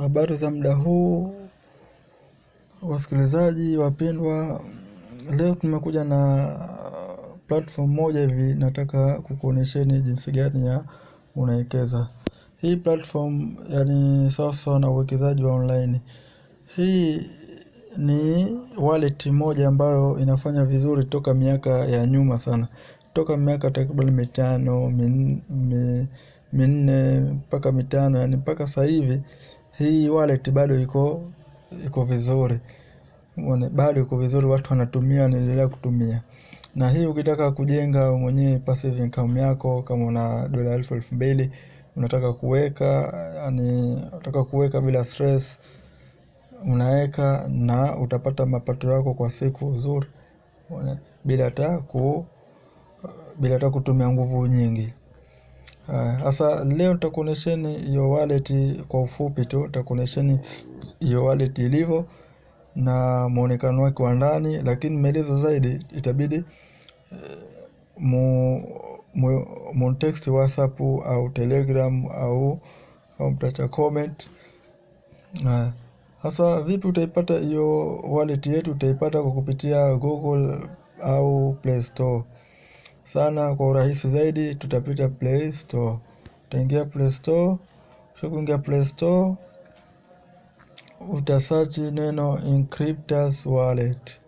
Habari za muda huu, wasikilizaji wapendwa, leo tumekuja na platform moja hivi, nataka kukuonesheni jinsi gani ya unawekeza. Hii platform yani sasa na uwekezaji wa online, hii ni wallet moja ambayo inafanya vizuri toka miaka ya nyuma sana, toka miaka takriban mitano minne mpaka mitano, yani mpaka sasa hivi hii wallet bado iko iko vizuri bado iko vizuri, watu wanatumia, wanaendelea kutumia. Na hii ukitaka kujenga mwenyewe passive income yako, kama una dola elfu elfu mbili unataka kuweka, yani unataka kuweka bila stress, unaweka na utapata mapato yako kwa siku uzuri bila hata ku bila hata kutumia nguvu nyingi sasa leo nitakuonesheni hiyo wallet kwa ufupi tu, nitakuonesheni hiyo wallet ilivyo na mwonekano wake wa ndani, lakini maelezo zaidi itabidi eh, munitext WhatsApp au Telegram au mtacha comment. Hasa vipi utaipata hiyo wallet yetu utaipata kwa kupitia Google au Play Store sana kwa urahisi zaidi tutapita Play Store. Utaingia Play Store, ukishakuingia Play Store utasearch neno Encryptors Wallet.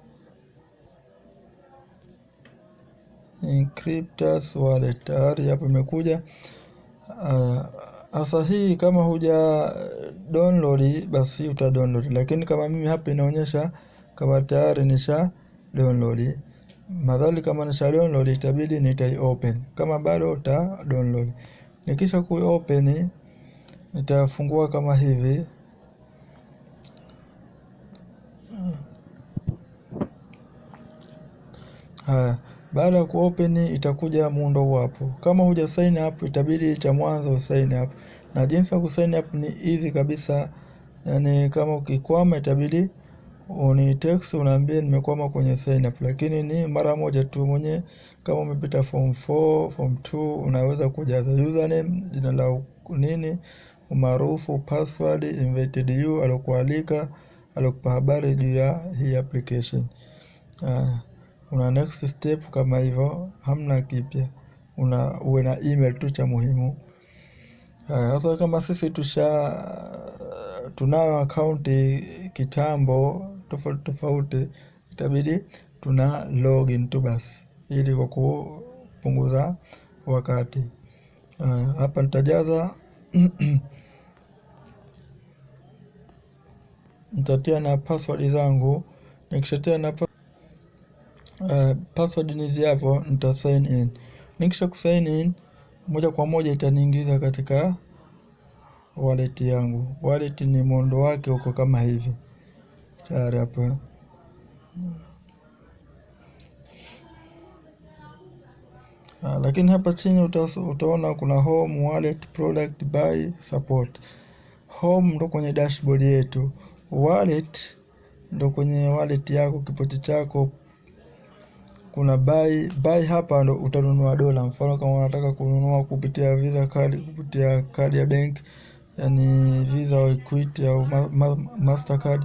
Encryptors Wallet tayari hapo imekuja. Ah, sasa hii kama huja download basi uta download, lakini kama mimi hapa inaonyesha kama tayari nisha download. Madhali kama nisha download itabidi nitai open. Kama bado ta download. Nikisha kui open nitafungua kama hivi. Haya, baada ya open itakuja muundo huu hapo. Kama huja sign up itabidi cha mwanzo sign up. Na jinsi ya sign up ni easy kabisa. Yani kama ukikwama itabidi unitext unaambia nimekwama kwenye sign up, lakini ni mara moja tu mwenye. Kama umepita form 4, form 2 unaweza kujaza username, jina la nini, umaarufu, password, invited you, alokualika, alokupa habari juu ya hii application. Ah, una next step kama hivyo, hamna kipya. Una uwe na email tu cha muhimu. Ah, sasa kama sisi tusha tunayo akaunti kitambo tofauti tofauti, itabidi tuna login tu basi ili kwa kupunguza wakati. Uh, hapa nitajaza nitatia na password zangu. Nikishatia na pa uh, password ni hapo, nita sign in. Nikisha kusign in moja kwa moja itaniingiza katika wallet yangu. Wallet ni mondo wake uko kama hivi tayari hapa Uh, lakini hapa chini utaona kuna home wallet product buy support. Home ndo kwenye dashboard yetu, wallet ndo kwenye wallet yako kipoti chako. Kuna buy buy hapa ndo utanunua dola. Mfano kama unataka kununua kupitia visa card, kupitia kadi ya benki, yani Visa au Equity au Mastercard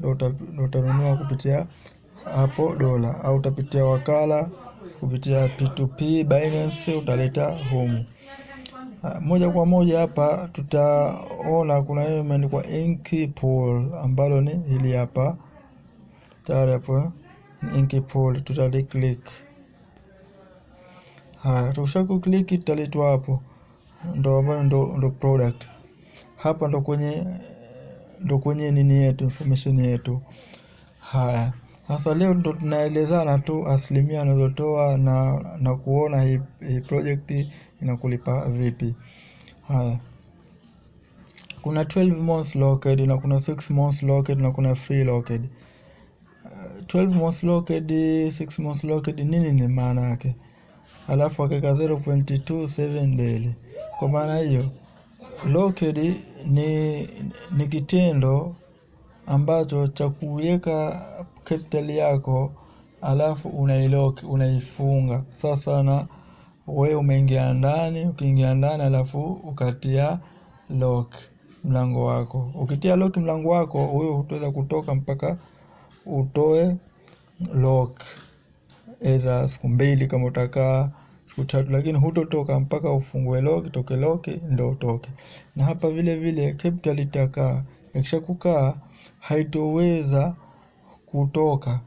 na utanunua kupitia hapo dola, au utapitia wakala kupitia P2P Binance utaleta humu ah, moja kwa moja. Hapa tutaona kuna neno imeandikwa Inkpool ambalo ni hili hapa tayari hapo eh? Inkpool, tutali-click. Haya, tukisha click tutaletwa hapo, ndo ambayo ndo product hapa ndo kwenye ndo kwenye nini yetu information yetu. Haya, sasa leo ndo tunaelezana tu asilimia anazotoa na, na kuona hii, hi project inakulipa vipi. Haya, kuna 12 months locked na kuna 6 months locked na kuna free locked. 12 uh, months locked, 6 months locked nini ni maana yake? Alafu akaweka 0.27 daily. Kwa maana hiyo Locked ni, ni kitendo ambacho cha kuweka capital yako alafu unailock unaifunga. Sasa na we umeingia ndani, ukiingia ndani alafu ukatia lock mlango wako. Ukitia lock mlango wako wewe hutaweza kutoka mpaka utoe lock eza siku mbili kama utakaa utatu, lakini hutotoka mpaka ufungue lock, toke lock ndo utoke. Na hapa vile vile capital itakaa, ikisha kukaa haitoweza kutoka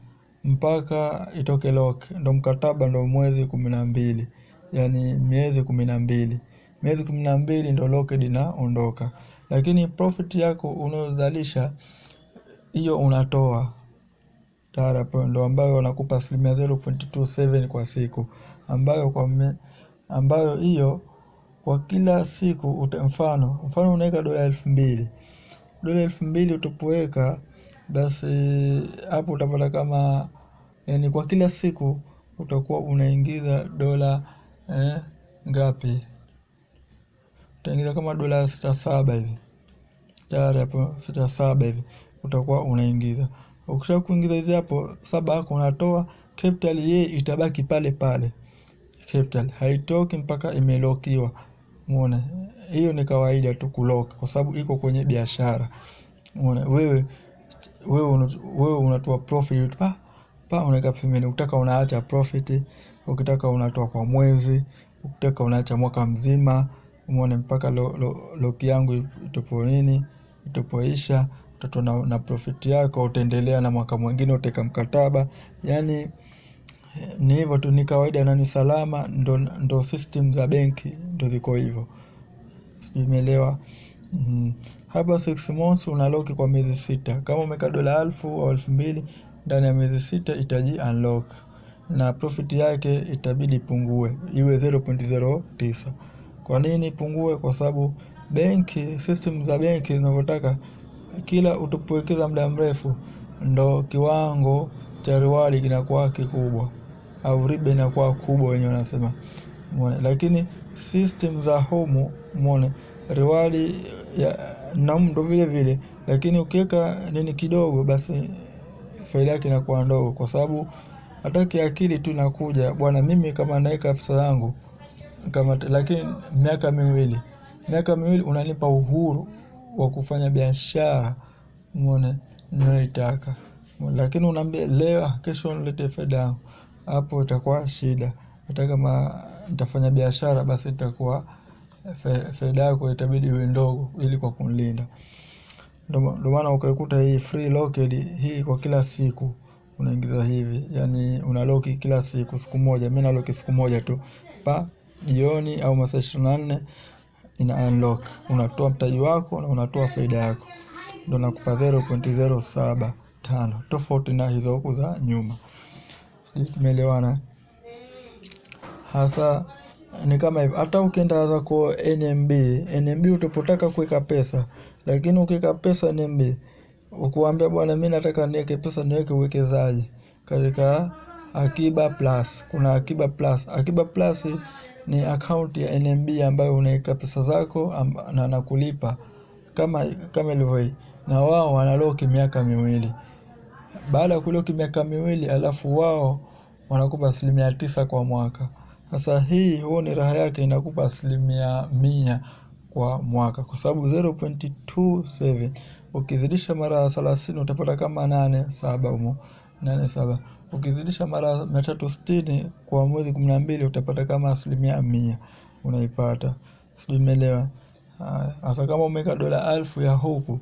mpaka itoke lock, ndo mkataba ndo mwezi kumi na mbili, yani miezi kumi na mbili miezi kumi na mbili ndo locked inaondoka, lakini profit yako unayozalisha hiyo unatoa Tara Point ambayo wanakupa asilimia 0.27 kwa siku ambayo kwa me, ambayo hiyo kwa kila siku uta, mfano mfano unaweka dola elfu mbili dola elfu mbili utapoweka basi hapo utapata kama yani kwa kila siku utakuwa unaingiza dola eh, ngapi utaingiza kama dola sita saba hivi tayari hapo sita saba hivi utakuwa unaingiza Ukisha kuingiza hizi hapo saba yako unatoa capital yeye itabaki pale pale. Capital haitoki mpaka imelokiwa. Umeona? Hiyo ni kawaida tu kulock kwa sababu iko kwenye biashara. Umeona? Wewe wewe wewe unatoa profit pa pa unaweka pembeni. Ukitaka unaacha profit, ukitaka unatoa kwa mwezi, ukitaka unaacha mwaka mzima. Umeona mpaka lock yangu itopo nini? Itopoisha utatoa na, na profit yako, utaendelea na mwaka mwingine utaeka mkataba. yani ni hivyo tu, ni kawaida na ni salama, ndo, ndo system za benki ndo ziko hivyo, sijui umeelewa mm. Hapa six months unaloki kwa miezi sita, kama umeweka dola elfu au elfu mbili ndani ya miezi sita itaji unlock na profit yake itabidi ipungue iwe 0.09. Kwa nini ipungue? Kwa sababu benki, system za benki zinavyotaka kila utapowekeza muda mrefu ndo kiwango cha riwali kinakuwa kikubwa au riba inakuwa kubwa wenyewe wanasema umeona lakini system za homu mone riwali ya naumu vile vile lakini ukiweka nini kidogo basi faida yake inakuwa ndogo kwa sababu hata kiakili tu inakuja bwana mimi kama naweka pesa yangu kama lakini miaka miwili miaka miwili unanipa uhuru wa kufanya biashara umeona ninayoitaka, lakini unaambia leo kesho nilete faida yangu, hapo itakuwa shida. Hata kama nitafanya biashara, basi itakuwa faida yako itabidi iwe ndogo ili kwa kumlinda. Ndio maana ukaikuta hii free locked hii kwa kila siku unaingiza hivi, yaani, una unaloki kila siku, siku moja. Mimi naloki siku moja tu pa jioni au masaa ishirini na nne ina unlock, unatoa mtaji wako na unatoa faida yako, ndio nakupa 0.075 tofauti na hizo huku za nyuma. Sijui tumeelewana hasa ni kama hivyo. Hata ukienda za kwa NMB, NMB utapotaka kuweka pesa, lakini ukiweka pesa NMB ukuambia bwana, mimi nataka niweke pesa niweke uwekezaji katika Akiba Plus. Kuna Akiba Plus. Akiba Plus ni akaunti ya NMB ambayo unaweka pesa zako na nakulipa kama kama ilivyo hii. Na wao wanaloki miaka miwili. Baada ya kuloki miaka miwili alafu wao wanakupa asilimia tisa kwa mwaka. Sasa hii huo ni raha yake inakupa asilimia mia kwa mwaka kwa sababu 0.27 ukizidisha mara 30 utapata kama nane saba humo saba. ukizidisha mara stini kwa mwezi kumi na mbili utapata kama asilimia mia unaipata sijui umeelewa ah, hasa kama umeweka dola elfu ya huku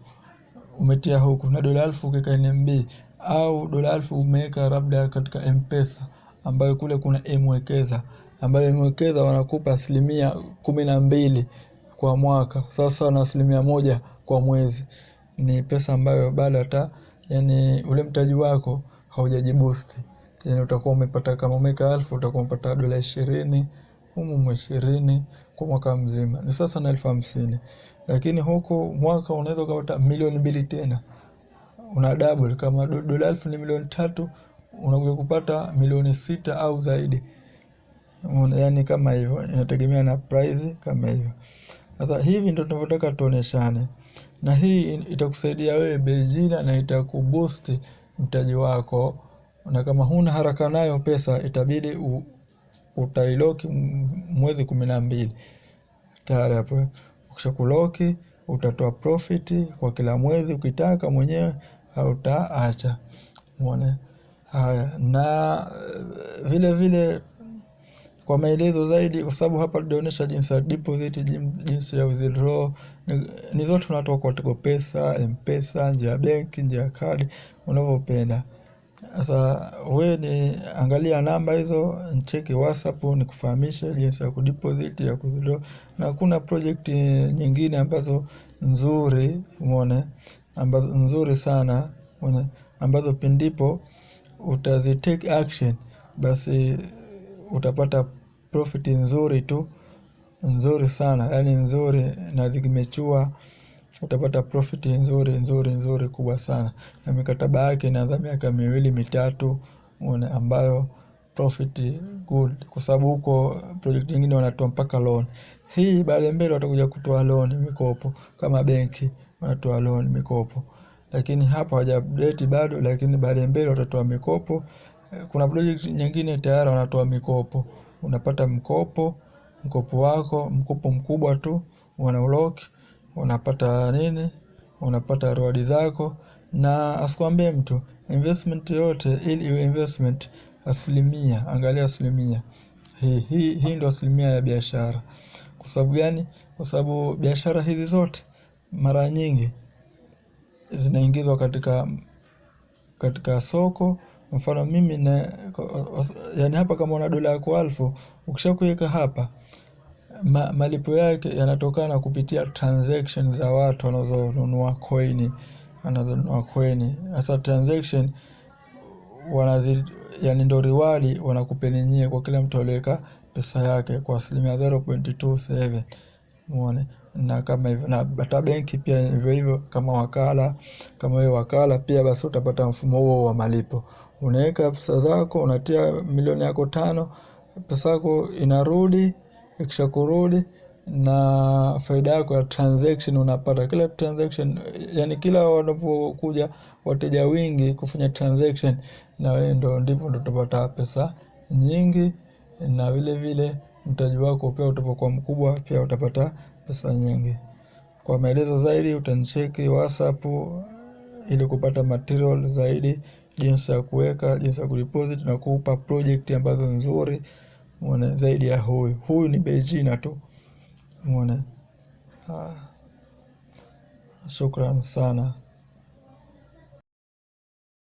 umetia huku na dola elfu ukiweka NMB au dola elfu umeweka labda katika mpesa ambayo kule kuna emwekeza ambayo emwekeza wanakupa asilimia kumi na mbili kwa mwaka sasa na asilimia moja kwa mwezi ni pesa ambayo bado hata yani ule mtaji wako haujajibusti yani utakuwa umepata kama umeka elfu utakuwa umepata dola ishirini humu ishirini kwa mwaka mzima ni sasa na elfu hamsini lakini huku mwaka unaweza ukapata milioni mbili tena una double kama dola elfu ni milioni tatu unakuja kupata milioni sita au zaidi yani kama hivyo inategemea na price kama hivyo sasa hivi ndio tunavyotaka tuoneshane na hii itakusaidia wewe bei na itakuboost mtaji wako, na kama huna haraka nayo pesa itabidi utailoki mwezi kumi na mbili tayari hapo. Ukisha kuloki utatoa profiti kwa kila mwezi ukitaka mwenyewe hautaacha umeona. Haya na eh, vile vile kwa maelezo zaidi kwa sababu hapa tulionyesha jinsi ya deposit, jinsi ya withdraw ni zote unatoa kwa Tigo Pesa, Mpesa, njia ya benki, njia ya kadi unavyopenda. Sasa wewe ni angalia namba hizo, cheki whatsapp nikufahamishe jinsi ya kudeposit ya kuzidua, Na kuna project nyingine ambazo nzuri umeona ambazo nzuri sana umeona ambazo pindipo utazi take action basi utapata profit nzuri tu nzuri sana yaani nzuri na zimechua utapata profiti nzuri nzuri nzuri kubwa sana, na mikataba yake inaanza miaka miwili mitatu una ambayo profit good, kwa sababu huko project nyingine wanatoa mpaka loan. Hii baadaye mbele watakuja kutoa loan mikopo, kama benki wanatoa loan mikopo, lakini hapa hawaja update bado, lakini baadaye mbele watatoa mikopo. Kuna project nyingine tayari wanatoa mikopo, unapata mkopo, mkopo wako mkopo mkubwa tu lock unapata nini, unapata reward zako na asikuambie mtu investment yote ili iwe investment asilimia, angalia asilimia hii, hii, hii ndo asilimia ya biashara. Kwa sababu gani? Kwa sababu biashara hizi zote mara nyingi zinaingizwa katika katika soko. Mfano mimi na yani hapa kama una dola yako alfu ukisha hapa ma, malipo yake yanatokana kupitia transaction za watu wanazonunua coin wanazonunua coin hasa transaction wanazi yani ndo riwali wanakupeni nyie kwa kila mtu aliweka pesa yake kwa asilimia 0.27 muone na kama hivyo na hata benki pia hivyo hivyo kama wakala kama wewe wakala pia basi utapata mfumo huo wa malipo unaweka pesa zako unatia milioni yako tano pesa yako inarudi ikisha kurudi na faida yako ya transaction unapata kila transaction, yani kila wanapokuja wateja wingi kufanya transaction, na wewe ndo ndipo ndo utapata pesa nyingi, na vile vile mtaji wako pia utapokuwa mkubwa pia utapata pesa nyingi. Kwa maelezo zaidi utanicheki WhatsApp ili kupata material zaidi jinsi ya kuweka, jinsi ya kudeposit na kukupa project ambazo nzuri. Umeona zaidi ya huyu. Huyu ni bejina tu tu. Ah, Shukran sana.